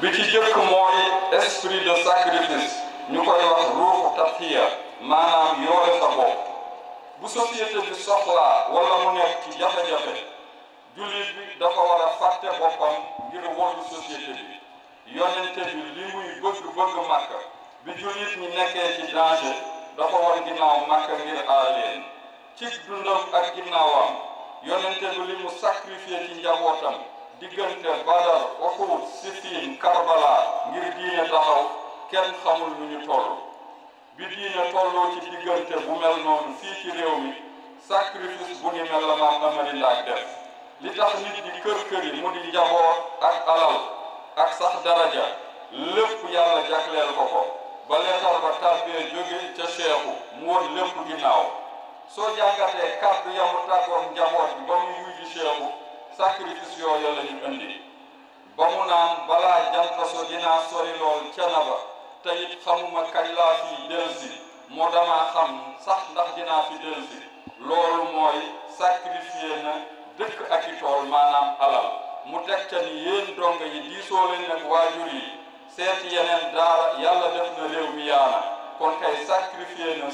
bi ci jëkk mooy esprit de sacrifice ñu koy wax ruuxu tatiya maanaam yoore sa bopp bu société bi soxlaa wala mu nekk ci jafe-jafe jullit dafa war a fàtte boppam ngir wóolu société bi yonente bi li muy bëgg-bëgg màkk bi jullit ñi nekkee ci danger dafa war ginnaaw màkk ngir aar leen ci dundam ak ginnaawam yonente bi li mu sacrifié ci njabootam diggante Badar Uhud Siffin Karbala ngir diine taxaw kenn xamul lu ñu bi diine tolloo ci diggante bu mel noonu fii ci réew mi sacrifice bu ni mel la maam Amari Ndaak li tax nit di kër mu di njaboot ak alal ak sax daraja lépp yàlla jagleel ko ko ba leetar ba tàbbee jóge ca seexu mu won lépp ginnaaw soo jàngatee kàddu yamu tàggoon njaboot bi ba mu wuy di sacrifice yooyu la ñu indi ba mu naan balaa jant so dinaa sori lool ca na ba te it xamuma kañ laa fi dellusi xam sax ndax dinaa fi dellusi loolu mooy sacrifié na dëkk ak i tool maanaam alal mu teg ca ni yéen donga yi diisoo leen ak waajur seet yeneen daara yàlla def na réew mi yaana kon kay sacrifié na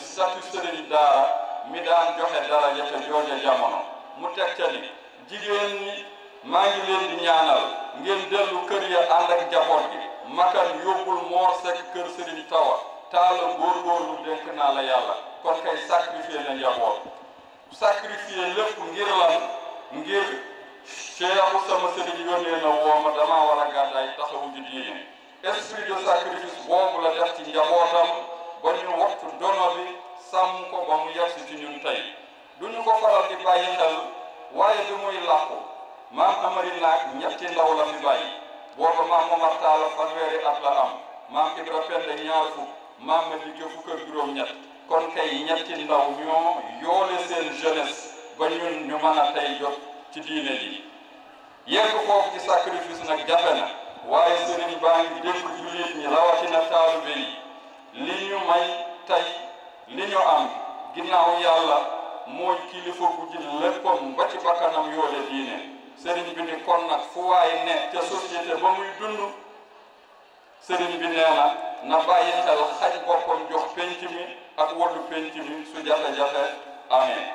daara mi daan joxe dara jafe jooja jamono mu teg ca ni jigéen ñi maa ngi leen di ñaanal ngeen dellu kër ya ànd ak jaboot gi makan yóbbul moor sekk kër sëriñ tawa taala góorgóorlu naa la yàlla kon kay sacrifier la njaboot sacrifier lépp ngir lan ngir cheikhu sama sëriñ yónnee na wooma damaa war a gàddaay taxawu ji diine esprit de sacrifice boobu la def ci njabootam ba ñu waxtu dono bi sàmm ko ba mu yegsi ci ñun tey duñu ko faral di bàyyi waaye li muy làqu maam amari naag ñetti ndaw la fi bàyyi booba maam Momar Talla fanweeri at la am maam Ibra Penda ñaar fukk maam ma liggéey fukk ak juróom-ñett kon tey ñetti ndaw ñoo yoole seen jeunesse ba ñun ñu mën a tey jot ci diine ji yegg foofu ci nag jafe na waaye sëriñ baa ngi dénk jullit ñi rawatina taalibe yi li ñu may tey li ñu am ginnaaw yàlla mooy kilifa bu ji léppam ba ci bakkanam yoole diine sëriñ bi ni kon nag fu waay ne te société ba muy dund sëriñ bi nee na na bàyyi xel xaj boppam jox penc mi ak wàllu penc mi su jafe-jafe amee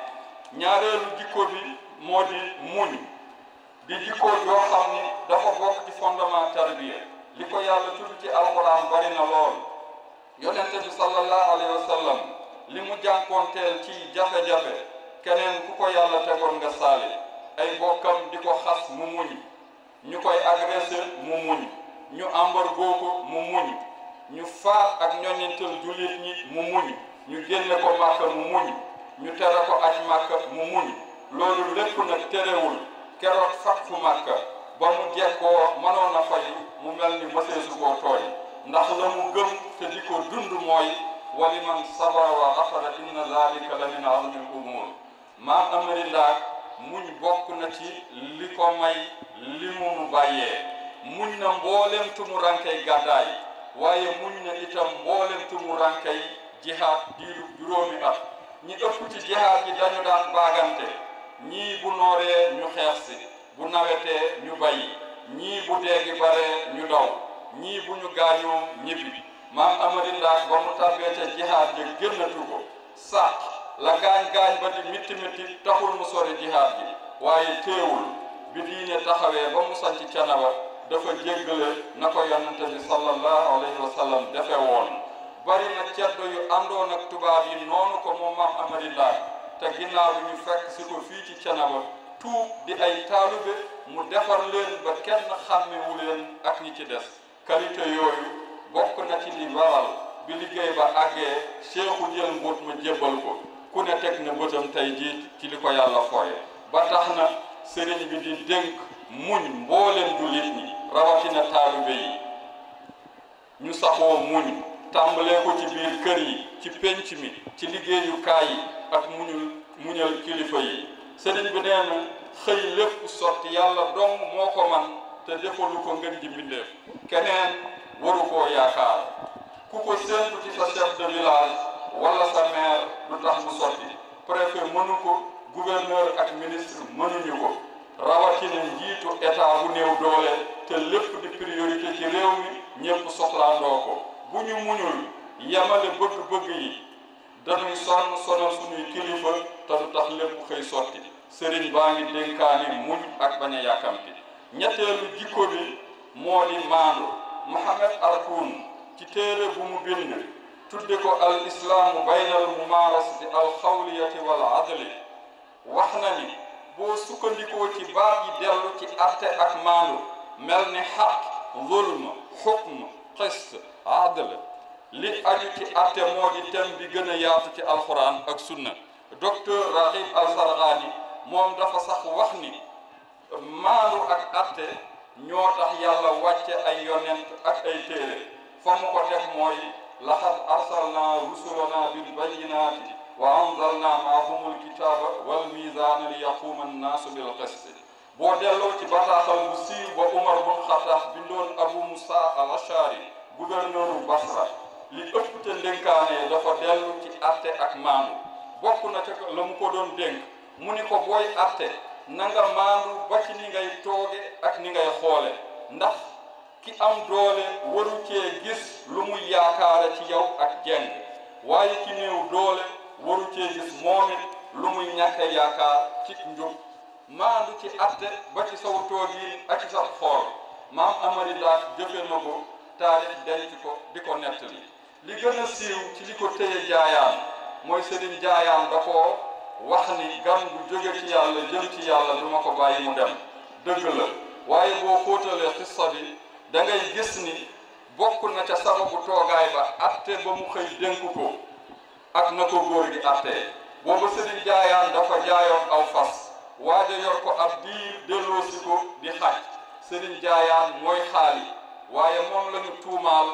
ñaareelu jikko bi moo di muñ di jikko joo xam ni dafa bokk ci fondement li ko yàlla tudd ci alxuraan bari na lool yonente bi sallallahu alayhi wa li mu jànkoonteel ci jafe-jafe keneen ku ko yàlla tegoon nga saali ay bokkam di ko xas mu muñ ñu koy agressé mu ñu embargo ko mu muñ ñu faat ak ñoñintal jullit ñi mu ñu génne ko màkka mu muñ ñu tere ko aj màkka mu muñ loolu lépp nag terewul keroog fàttu màkka ba mu jekkoo mënoon a mu mel ni mësee su koo ndax la mu gëm te di ko dund mooy ولمن صبر وغفر إن ذلك لمن عظم الأمور maa amrillah muñ bokk na ci li ko may li mu bàyyee muñ na mboolem tumu rankay gàddaay waaye muñ na itam mboolem tumu rankay jihaad diiru juróomi at ñi ëpp ci jihaad yi dañu daan baagante ñii bu nooree ñu xeex bu nawetee ñu bàyyi ñii bu deegi baree ñu daw ñii bu ñu gaañoo ñibbi maam Amady Ndaak ba mu tàbbee ca jihaad ja génnatu ko sax la gaañ-gaañ ba di mitti mitti taxul mu sori jihaad ji waaye teewul bi diine taxawee ba mu sanc canaba dafa jéggale na ko yonante bi sallallahu alayhi wa sallam defe woon bari na ceddo yu àndoon ak tubaab yi noonu ko moom maam Amady Ndaak te ginnaaw bi ñu fekk si ko fii ci canaba tuub di ay taalube mu defar leen ba kenn xàmmewu leen ak ñi ci des qualité yooyu bokk na ci li waral bi liggéey ba àggee seexu jël mbuut ma jébbal ko ku ne teg na bëtam tey jii ci li ko yàlla ba tax na sëriñ bi di dénk muñ mbooleen jullit ñi rawatina taalibe yi ñu saxoo muñ tàmbalee ko ci kër yi ci pénc mi ci liggéeyukaay yi ak muñul muñal kilifa yi sëriñ bi nee na xëy lépp sotti yàlla dong moo ko man te defalu ko ngeen ji mbindeef waru koo yaakaar ku ko séntu ci sa chef de village wala sa maire du tax mu sotti préfet mënu ko gouverneur ak ministre mënuñu ko rawatina njiitu état bu néew doole te lépp di priorité ci réew mi ñëpp soxlaandoo ko bu ñu muñul yamale bëgg-bëgg yi dañuy sonn sonal suñuy kilifa te du tax lépp xëy sotti sëriñ baa ngi dénkaani muñ ak bañ a yàkkamti ñetteelu jikko bi moo di maandu Mohamed Alkuun ci téere bu mu bind tudde ko al islaamu bayna al mumaarasati al xawliyati wal adli wax na ni boo sukkandikoo ci baat yi dellu ci atte ak maandu mel ni xaq zulm xukm xist adl li aju ci atte moo di bi gën a yaatu ci alquran ak sunna docteur Raghib Al Sarghani moom dafa sax wax ni ak atte ñoo tax yàlla wàcce ay yonent ak ay téere fa mu ko def mooy laxad arsalnaa rusulanaa bil bayyinaati wa anzalnaa maahumul kitaaba wal miizaana li yaquuma annaasu bil qisti boo delloo ci bataaxal bu siiw ba Umar bun Xattaab bindoon Abu Musa al-Ashari gouverneur bu li ëpp te ndénkaane dafa dellu ci atte ak maanu bokk na ca la mu ko doon dénk mu ni ko booy atte na nga maandu ba ci ni ngay tooge ak ni ngay xoole ndax ki am doole waru cee gis lu muy yaakaare ci yow ak jeng waaye ki néew doole waru cee gis moomit lu muy ñàkke yaakaar ci njub maandu ci atte ba ci saw toogiin ak ci sax xool maam amari daal jëfe na ko taarix denc ko di ko nettali li gën a siiw ci li ko téye jaayaan mooy sëriñ jaayaan da koo wax ni gan gu jóge ci yàlla jëm ci yàlla du ma ko bàyyi mu dem dëgg waaye boo xóotalee xissa bi dangay ngay gis ni bokk na ca sababu toogaay ba atte ba mu xëy dénk ko ak na ko góor gi attee booba sëriñ jaayaan dafa jaayoon aw fas waaja yor ko ab diir delloosi ko di xaj sëriñ jaayaan mooy xaali waaye moom la ñu tuumaal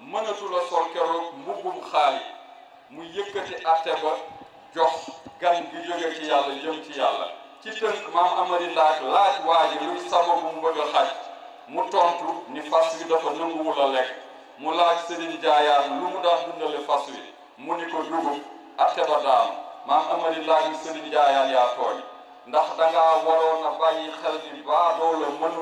mënatu la sol keroog mbubbum xaali mu yëkkati atte ba jox gan gi jóge ci yàlla jëm ci yàlla ci tënk maam amari laaj laaj waa luy sababu mu bëgg a xaj mu tontu ni fas wi dafa nanguwul a lekk mu laaj sëriñ jaayaan lu mu daan dundale fas wi mu ni ko dugub atte ba daanu maam amari laaj ni sëriñ jaayaan yaa tooñ ndax dangaa waroon a bàyyi xel ni baadoo la mënu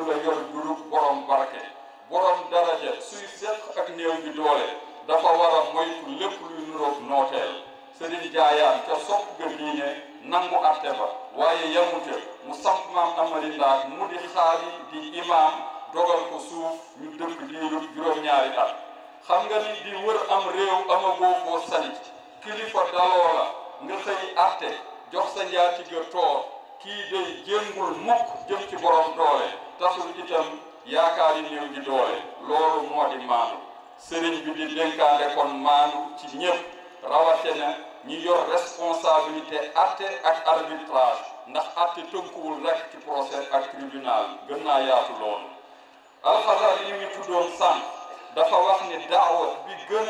njaatigirtoo kii day jéngul mukk jëm ci borom doole tasul itam yaakaari néew ji doole loolu moo di maanu sëriñ bi di dénkaane kon maanu ci ñëpp rawatina ñi yor responsabilité atte ak arbitrage ndax atte tënkuwul rek ci procès ak tribunal gën naa yaatu loolu alxasar yi ñu tuddoon sànq dafa wax ni daawa bi gën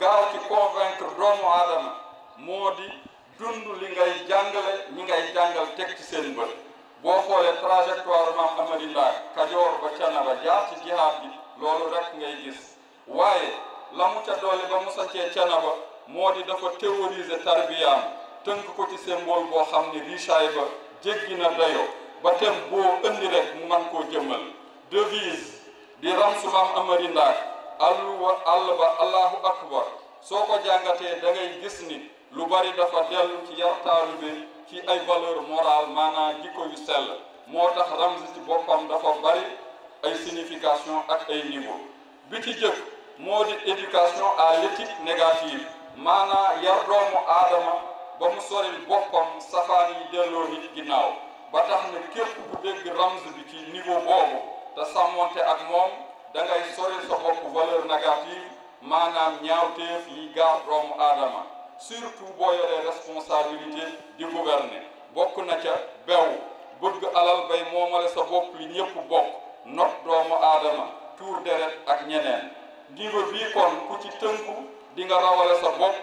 gaaw ci convaincre doomu aadama moo di dund li ngay jàngale ñi ngay jàngal teg ci seen bët boo xoolee trajectoire maam Amady Ndaak Kajoor ba Canaba jaar ci jihaad bi loolu rek ngay gis waaye la mu ca doole ba mu saccee Canaba moo di dafa théoriser tarbiyaam tënk ko ci symbole boo xam ni richaay ba jéggi na dayo ba tem boo indi rek mu man koo jëmmal devise di ramsu maam Amady Ndaak wa àll ba allahu akbar soo ko jàngatee da ngay gis ni lu bari dafa dellu ci yar bi ci ay valeur morale maanaam jikko yu sell moo tax Ramzy ci boppam dafa bari ay signification ak ay niveau bi ci jëkk moo di éducation à l'éthique négative maanaam yar doomu aadama ba mu sori boppam safaan yi delloo nit ginnaaw ba tax ne képp ku dégg Ramzy bi ci niveau boobu te sàmmonte ak moom da ngay sori sa bopp valeur négative maanaam ñaawteef yi gaar doomu aadama surtout boo yoree responsabilité di gouverner bokk na ca bew bëgg alal bay moomale sa bopp li ñëpp bokk not doomu aadama tuur deret ak ñeneen ndiiba bii kon ku ci tënku di nga rawale sa bopp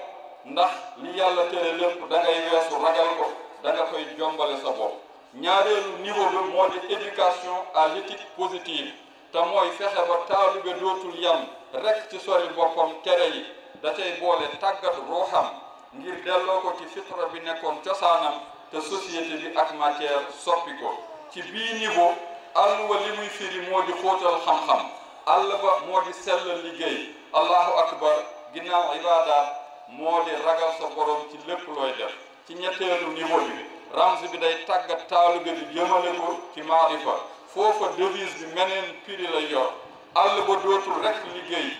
ndax li yàlla tere lépp da ngay weesu ragal ko da nga koy jombale sa bopp ñaareelu niveau bi moo di éducation à l'éthique positive te mooy fexe ba taalibe dootul yam rek ci sori boppam tere yi da cay boole tàggat ruuxam ngir delloo ko ci fitra bi nekkoon cosaanam te société bi ak matière soppi ko ci bii niveau àll wa li muy firi moo di xóotal xam-xam àll ba moo di sell liggéey allahu akbar ginnaaw ibaadaat moo di ragal sa borom ci lépp looy def ci ñetteelu niveau bi ramz bi day tàggat taaluga bi jëmale ko ci maarifa foofa devise bi meneen piri la yor àll ba dootul rek liggéey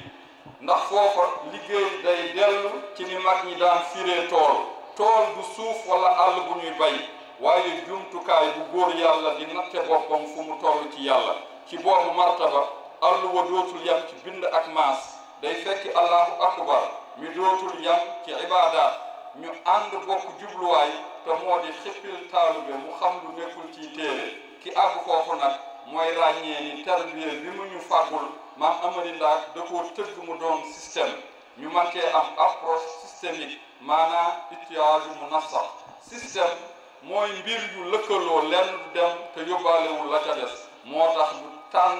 ndax foofa liggéey day dellu ci ni mag ñi daan firee tool tool bu suuf wala àll bu ñuy bay waaye jumtukaay bu góor yàlla di natte boppam fu mu toll ci yàlla ci boobu martaba àll wa dootul yam ci bind ak maas day fekki allahu akbar ñu dootul yam ci ibaadaat ñu ànd bokk jubluwaay te moo di xippil taalube mu xam lu nekkul ci téere ki àgg foofu nag mooy ràññee ni tarbiya bi mu ñu fàggul maam Amary Ndaar da koo mu doon système ñu man ke am approche systémique maanaam itiage mu nasax système mooy mbir yu lëkkaloo lenn du dem te yóbbaalewul la ca des moo tax du tànn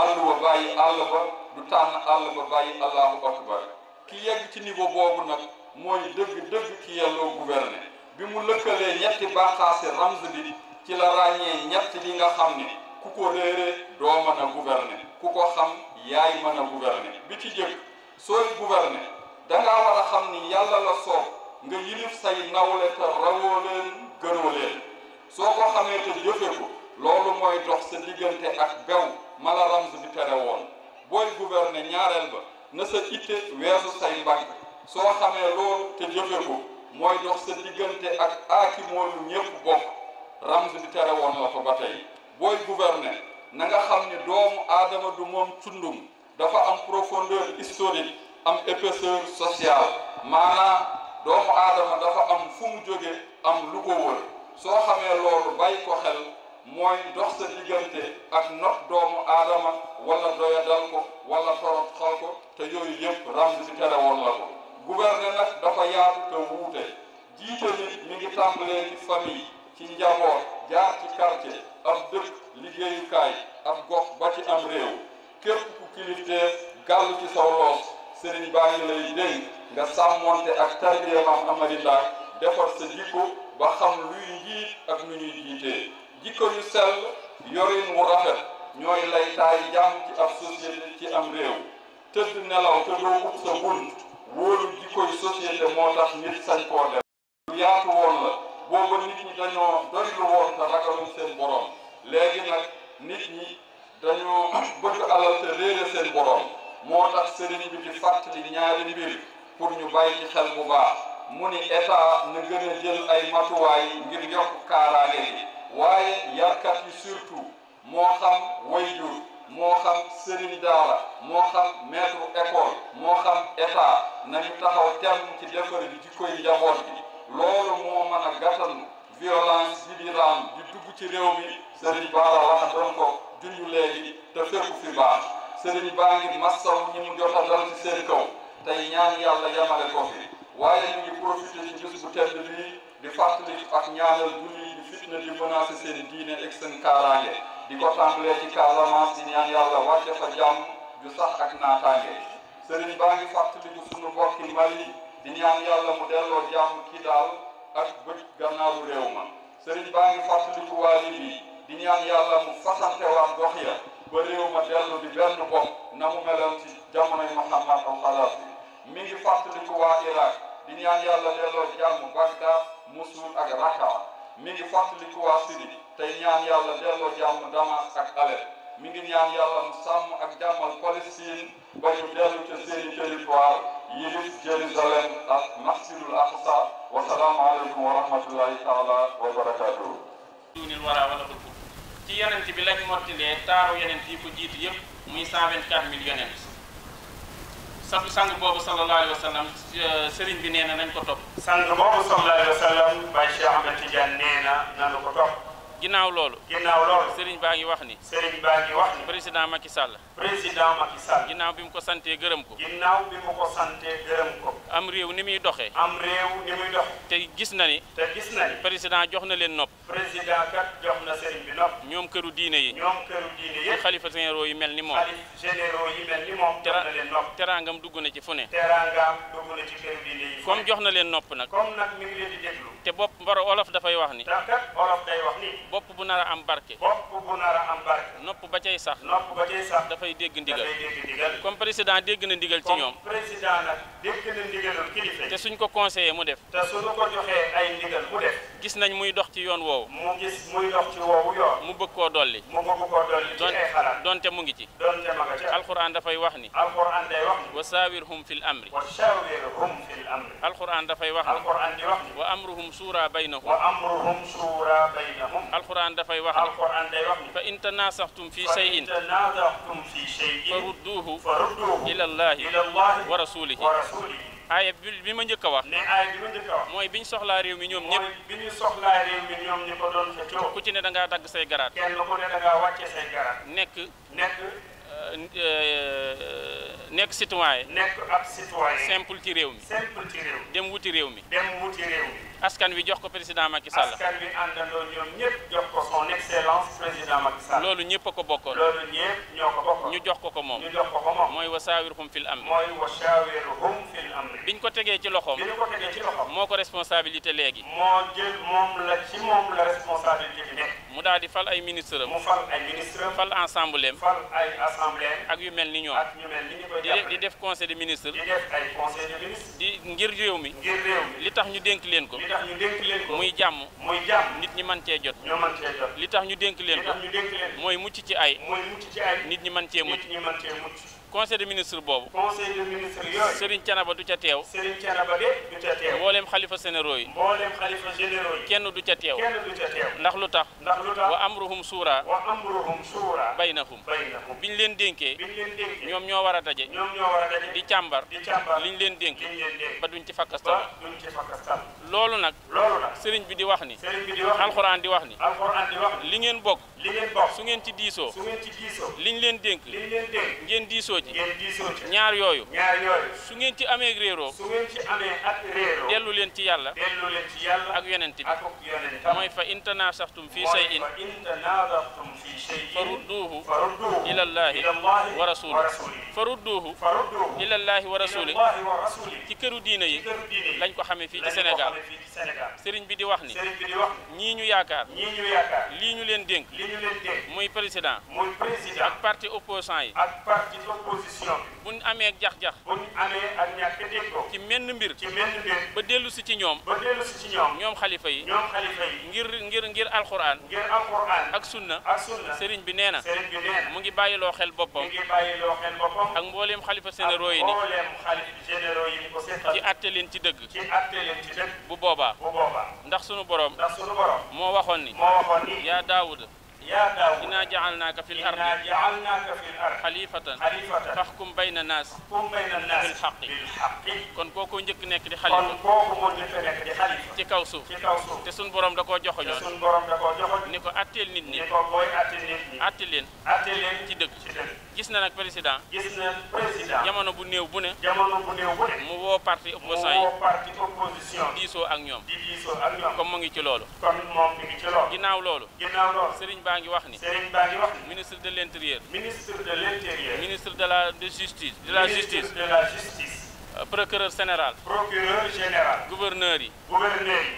àll ba bàyyi àll ba du tànn àll ba bàyyi allahu akbar ki yegg ci niveau boobu nag mooy dëgg-dëgg ki yelloo gouverner bi mu lëkkalee ñetti bànqaasi ramz bi ci la ràññee ñett li nga xam ne ku ko réeree doo mën a gouverner ku ko xam yaay mën a gouverner bi ci jëkk sooy gouverner da ngaa war a xam ni yàlla la soob nga yilif say nawle te rawoo leen soo ko xamee te jëfe ko loolu mooy dox sa diggante ak bew mala rams bi tere booy gouverner ñaareel ba na sa itte weesu say mbagg soo xamee loolu te jëfe ko mooy dox sa diggante ak aaki ñépp bokk rams bi tere woon ko ba tey booy gouverner na nga xam ni doomu aadama du moom tundum dafa am profondeur historique am épaisseur sociale maanaam doomu aadama dafa am fu mu jóge am lu ko soo xamee loolu bàyyi ko xel mooy dox sa diggante ak not doomu aadama wala doyadal ko wala torop xal ko te yooyu yëpp ràmb si tere woon la ko gouverner nag dafa yaatu te wuute jiite mi ngi tàmbalee ci famille ci njaboot jaar ci quartier am dëkk liggéeyukaay am gox ba ci am réew képp ku kilifteef gàll ci saw loos sëriñ baa ngi lay dénk nga sàmmonte ak tarbiya maam Amary sa jikko ba xam luy njiit ak nu ñuy jiitee jikko yu sell yorin wu rafet ñooy lay taay jàmm ci ab société ci am réew tëdd nelaw te doo ut sa bunt wóolu jikko yu société moo tax nit sañ koo def yaatu woon la booba nit ñi dañoo doylu woon te ragalu seen borom léegi nag nit ñi dañoo bëgg alal te réere seen borom moo tax sëriñ bi di fàttali ñaari mbir pour ñu bàyyi ci xel bu baax mu ni état na gën a jël ay matuwaay ngir yokk kaaraange gi waaye yarkat yi surtout moo xam wayjur moo xam sëriñ daara moo xam maître école moo xam état nañu taxaw temm ci defar bi jikkoy njaboot bi loolu moo mën a gàttandu violence yi di raam di dugg ci réew mi Serigne Bara wax ko junj léegi te fépp fi baax Serigne baa ngi massaw ñi mu jot a dal ci seen kaw tey ñaan yàlla yamale ko fi waaye ñu ngi ci bés bu tedd bii di fàttali ak ñaanal julli di fitna di menacer seen diine ak kaaraange di ko tàmbalee ci Casamance di ñaan yàlla wàcce fa ju sax ak naataange Serigne baa ngi fàttali ko sunu mbokki Mali. di ñaan yàlla mu delloo jàmm kii daal ak bët gannaawu réew ma sëriñ baa ngi fàttaliku waali bi di ñaan mu fasantewaat gox ya ba réew ma dellu di benn bopp na mu meloon ci jamonoy Muhammad al Xadaafi mi ngi fàttaliku waa Irak di ñaan yàlla delloo jàmm Bagdad Mosul ak Raqqa mi ngi fàttaliku waa Syrie tey ñaan yàlla delloo jàmm Damas ak Alep mi ngi ñaan yàlla mu sàmm ak jàmmal Palestine ba ñu dellu ca seeni territoire yilif Jérusalem ak masjidul Aqsa wa salaamu aleykum wa rahmatullahi taala wa barakaatuhu duunil ci yonent bi lañ mottilee taaru yonent yi ko jiitu yëpp muy 124 mille yonent satu euh, bi nee na nañ ko topp ginnaaw loolu. ginnaaw loolu. baa ngi wax ni. Serigne baa ngi wax ni. président Macky Sall. président Macky Sall. ginnaaw bi mu ko santee gërëm ko. ginnaaw ko santee am réew ni muy doxee. am réew ni muy doxee. te gis na ni. te gis na ni. jox na leen nopp. président kat jox na Serigne bi nopp. ñoom këru diine yi. ñoom yi. xalifa généraux yi mel ni moom. xalifa généraux yi dugg na ci fu ne. teraangam dugg na ci këru diine yi. comme jox na leen nopp nag. comme nag mi ngi leen di déglu. te bopp mbaro olof dafay wax wax ni bopp bu nar am barke. bopp nopp ba cay sax. nopp dafay dégg ndigal dégg comme président dégg na ndigal ci ñoom. te suñ ko conseillé mu def. te suñu ko joxee ay ndigal mu def. gis nañ muy dox ci yoon woowu. mu gis muy dox ci woowu mu bëgg koo dolli. mu donte mu ngi ci. alxuraan dafay wax ni. alxuraan day wax fil amri. wa saawirhum fil amri. alxuraan dafay wax ni. alxuraan di wax wa amruhum suura baynahum. wa amruhum alquran dafay wax alquran day wax fa in tanasaxtum fi shay'in fa rudduuhu ila allahi wa rasulihi aaya bi ma njëkk a wax ne bi ma mooy bi ñu soxlaa réew mi ñoom ñëpp bi ñoom ñu ko ku ci ne da ngaa dagg say garaat kenn ku nekk Euh, nekk citoyen. nekk ab citoyen. simple ci réew mi. dem wuti réew mi. askan wi jox ko président Macky ñëpp loolu ñëpp a ko bokkoon. loolu ñëpp ñoo ko ñu jox ko ko moom. ñu jox ko ko mooy wasaawirhum fil fil amri. biñ ko tegee ci loxoom. biñ ko tegee ci loxoom. moo ko responsabilité léegi. moo jël moom la ci moom la responsabilité bi nekk. mu daal di fal ay ministre am mu fal ay ministre am fal ensemble ak yu mel ni ñoom ñu koy jàppale di def conseil de ministre di def ay conseil di ngir réew mi li tax ñu dénk leen ko muy jàmm muy nit ñi man cee jot ñoo mën li tax ñu dénk leen ko mooy mucc ci ay mooy nit ñi mën cee mucc nit ñi cee mucc conseil de ministre boobu. conseil de ministre yooyu. du ca teew. Serigne mboolem xalifa sénéro yi. mboolem kenn du ca teew. ndax lu tax. ndax lu wa amruhum suura. wa amruhum suura. baynahum. biñ leen dénkee. ñoom ñoo war a daje. ñoom ñoo a di càmbar. di càmbar liñ leen dénk. ba duñ ci fakkastal. ci fakkastal. loolu nag. loolu nag Serigne bi di wax ni. di wax ni. alxuraan di wax ni. li ngeen bokk li su ngeen ci diisoo su ngeen liñ leen dénk ngeen diisoo ci ñaar yooyu su ngeen ci amee réeroo su ngeen ci dellu leen ci yàlla dellu leen yàlla ak yonent bi mooy fa in tanaasaxtum fii shay'in farudduuhu ilallaahi wa rasuuli farudduuhu ilallaahi wa rasuuli ci këru diina yi lañ ko xamee fii ci Sénégal sëriñ bi di wax ni ñii ñu yaakaar lii ñu leen dénk jëlante. muy président. muy ak parti opposant yi. ak parti opposition bi. bu ñu amee jax-jax. ci menn mbir. ci menn ba dellu si ci ñoom. ñoom. xalifa yi. ñoom ngir ngir ngir alxuraan. ngir alxuraan. ak sunna. sëriñ bi nee na. mu ngi bàyyiloo xel boppam. xel boppam. ak mbooleem xalifa généraux yi ni. ci àtte leen ci dëgg. ci àtte bu boobaa. ndax sunu borom. ndax moo waxoon ni. yaa Daawuda يا داود إنا جعلناك في الأرض إنا جعلناك في الأرض خليفة خليفة فاحكم بين الناس فاحكم بين الناس بالحق بالحق kon kooku njëkk nekk di xalifa kon kooku moo njëkk nekk di xalifa ci kaw suuf ci kaw suuf te suñ borom da koo joxoñoon te suñ borom da koo joxoñ ni ko atteel nit ñi ni ko booy atte nit ñi atte leen atte leen ci dëgg ci dëgg gis na nag président. gis na président. bu néew bu ne. jamono bu néew mu woo parti opposition yi mu diisoo ak ñoom. di comme mu ngi ci loolu. comme moom mi ngi ci ginnaaw loolu. ginnaaw Serigne baa ngi wax ni. Serigne baa ministre de l' intérieur. ministre de l' ministre de la de justice. de la justice. de procureur général. procureur yi. gouverneur yi.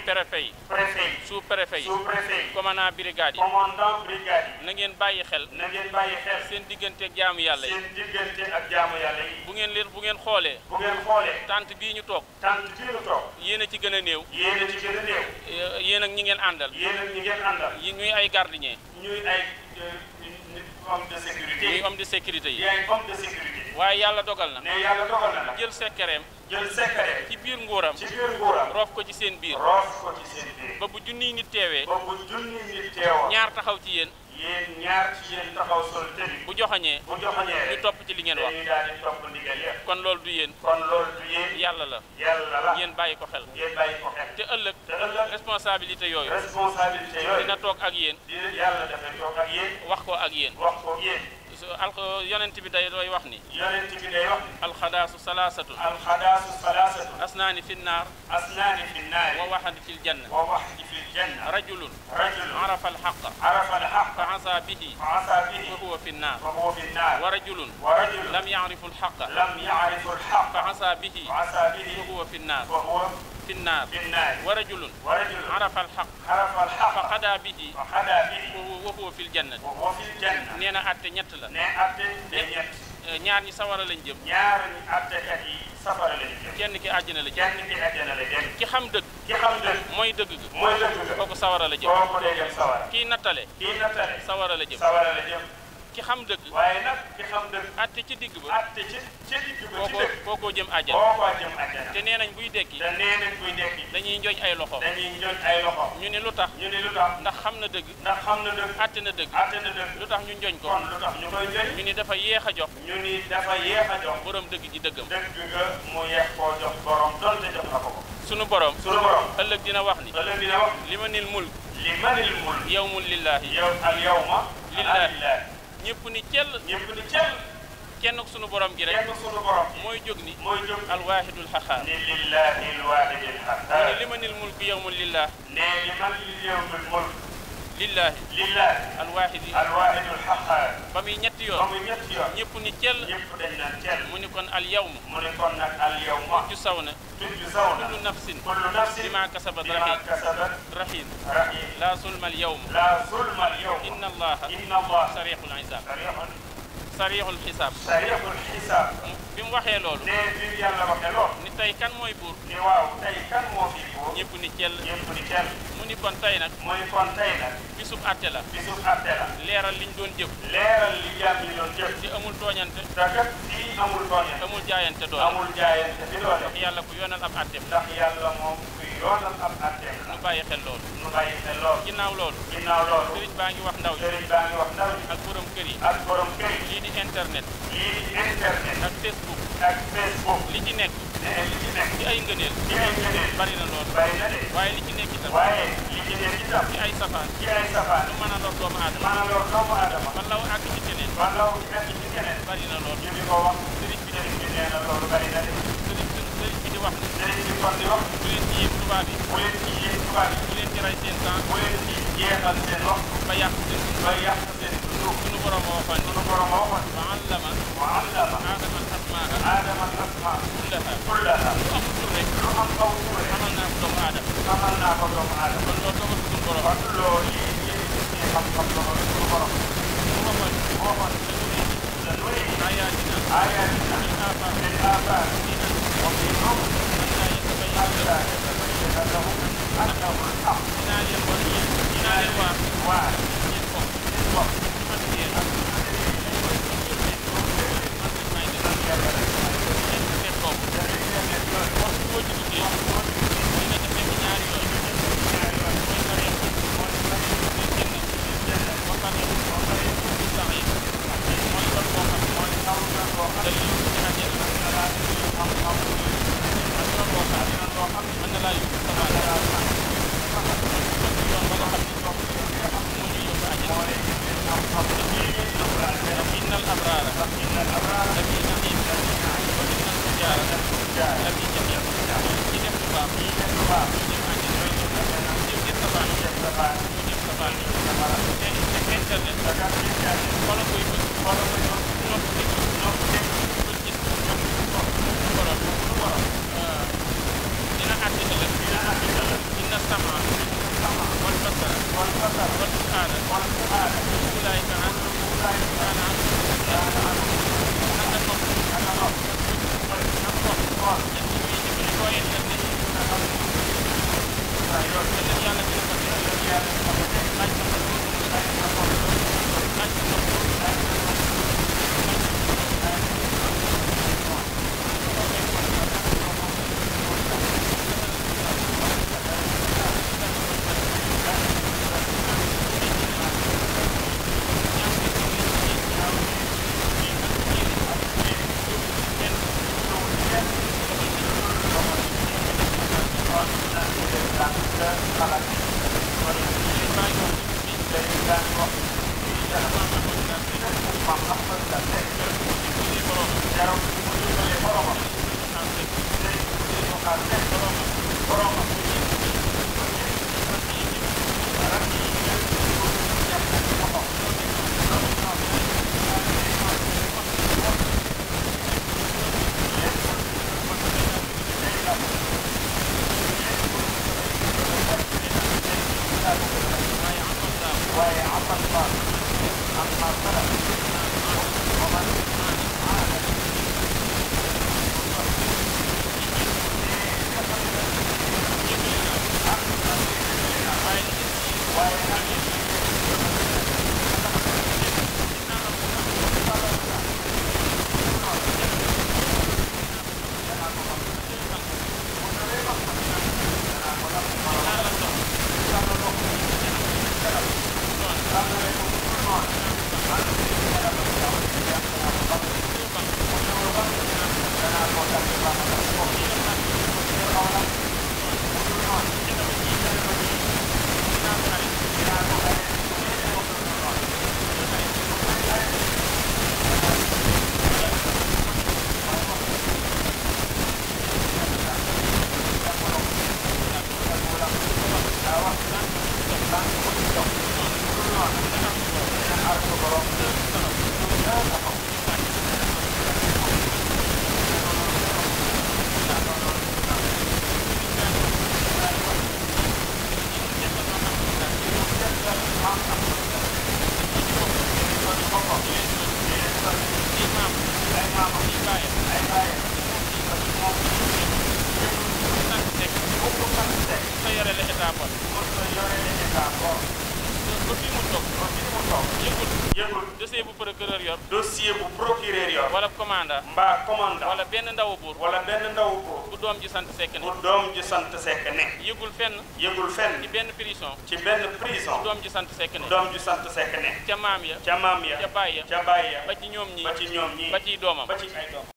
préfet yi. préfet yi. sous préfet yi. sous préfet yi. commandant brigade yi. commandant brigade yi. na ngeen bàyyi xel. na seen diggante ak jaamu yàlla yi. seen bu ngeen leen bu ngeen xoolee. bu ngeen xoolee. tant bii ñu toog. tant bii ñu toog. a ci gën a néew. yéen gën a néew. yéen ak ñi ngeen àndal. yéen ak ñuy ay gardien. ñuy ay. Euh, homme de sécurité yi yi. waaye yàlla dogal na. mais yàlla dogal na jël sekkereem. jël ci biir nguuram. ci roof ko ci seen biir. roof ko nit teewee. ñaar taxaw ci yéen. yéen ñaar ci yéen taxaw sol tëri bu joxañee bu joxañee topp ci li ngeen wax kon loolu du yéen kon lool du yéen yàlla la yàlla la yéen bàyyi ko xel te ëllëg te yooyu responsabilité yooyu dina toog ak yéen ak yéen wax ko ak yéen al yonent bi day looy wax ni yonent bi day wax ni alxadaasu salaasatu alxadaasu salaasatu asnaani fi nnaar asnaani fi nnaar wa waxadi fi ljanna wa waxadi fi ljanna rajulun rajulun arafa alxaqa arafa alxaq fa asa bihi fa asa bihi fa huwa fi nnaar fa huwa fi nnaar wa rajulun wa rajulun lam yarifu alxaqa lam yarifu alxaq fa asa bihi fa asa bihi fa huwa fi nnaar في النار ورجل عرف الحق فقضى به وهو في الجنة nee na àtte ñett la eh, ñaar ñi sawara lañ jëm ñaar ñi àttekat yi safara lañ jëm ki àjjana la jëm kenn ki àjjana la sawara la jëm ci xam dëgg. waaye nag ki xam dëgg. atte ci digg ba. atte koo jëm àjjana. koo koo jëm àjjana. te nee nañ buy dekki. te dañuy njoñ ay loxo. dañuy njoñ ay loxo. ñu ne lu tax. ñu ndax xam na dëgg. ndax xam na dëgg. atte na dëgg. atte lu tax ñu joñ ko. kon ñu ni dafa yéex a jox. ñu ni dafa yéex a jox. borom dëgg ji dëggam. dëgg nga mu yéex koo jox borom donte jox na ko ko. sunu borom. sunu ëllëg dina wax ni. ëllëg dina wax li ma nil mulk. li ma yow mun lillaahi. yow al yow ma. ñëpp ni cell ñëpp kenn sunu borom gi mooy jóg ni mooy jóg alwaahidul xaxaar ni lillahi alwaahidil xaxaar ne limanil mulku lillaahi lillaahi alwaahidi alwaahidi alxaqaar ba muy ñetti yoon ba muy ñetti yoon ñëpp ni cell ñëpp dañ naan cell mu ni kon alyawma mu ni kon nag alyawma tuju saw na tuju saw na kullu nafsin kullu nafsin bima kasabat rahin rahin rahin laa sulma alyawma laa sulma alyawma inna allaha inna allaha sarixul isaab sarixul xisaab sarixul xisaab bi mu waxee loolu ne bi mu yàlla waxee loolu ni tey kan mooy buur ni waaw tey kan moo fi buur ñëpp ni cell ñëpp ni cell ni kon tey nag mu bisub atte leeral liñ doon jëf leeral li jàpp li doon amul tooñante te kat di amul tooñante amul jaayante doole amul jaayante bi doole ndax yàlla ku yoonal ab atte ndax yàlla moom yoonam am arjana loolu. nu ginnaaw loolu. ginnaaw loolu. sëriñ baa ngi wax ndaw yi. sëriñ baa ngi ak borom kër ak borom kër yi. di internet. lii di internet. ak Facebook. ak Facebook. li ci nekk. li ci nekk. ci ay ngëneel. ci ay ngëneel. bari na loolu. bari na waaye li ci nekk ci ay safaan. ci ay safaan. lu mën a lor doomu aadama. mën a lor doomu aadama. man law ci keneen. man law àgg ci keneen. bari na loolu. ñu di ko wax. sëriñ bi nee na loolu wax. léegi ñu fan di wax. bu leen yéeg tubaab yi. bu leen yéeg tubaab yi. bu leen jaray seen temps. bu leen ci jeexal seen wax. ba yàq seen dund. ba yàq seen dund. suñu borom moo waxoon. suñu borom moo waxoon. wa allama. wa allama. aadama asmaa. aadama asmaa. kullaha. kullaha. lu am tur rek. lu am aw tur rek. xamal naa ko doomu aadama. xamal naa ko doomu aadama. kon loolu dogal suñu borom. kon loolu yi yi yi xam-xam dogal suñu borom. bu waxoon. bu waxoon. dañu ne. dañu ne. ayatina. ayatina. min aafar. min aafar. Wow. yëgul fenn. ci benn prison. ci benn prison. doom ju sant sekk ne. doom ju sant sekk ne. ca maam ya. ca maam ya. ca baay ya. ca baay ya. ba ci ñoom ñii. ba ci ñoom ñii. ba ci doomam. doomam.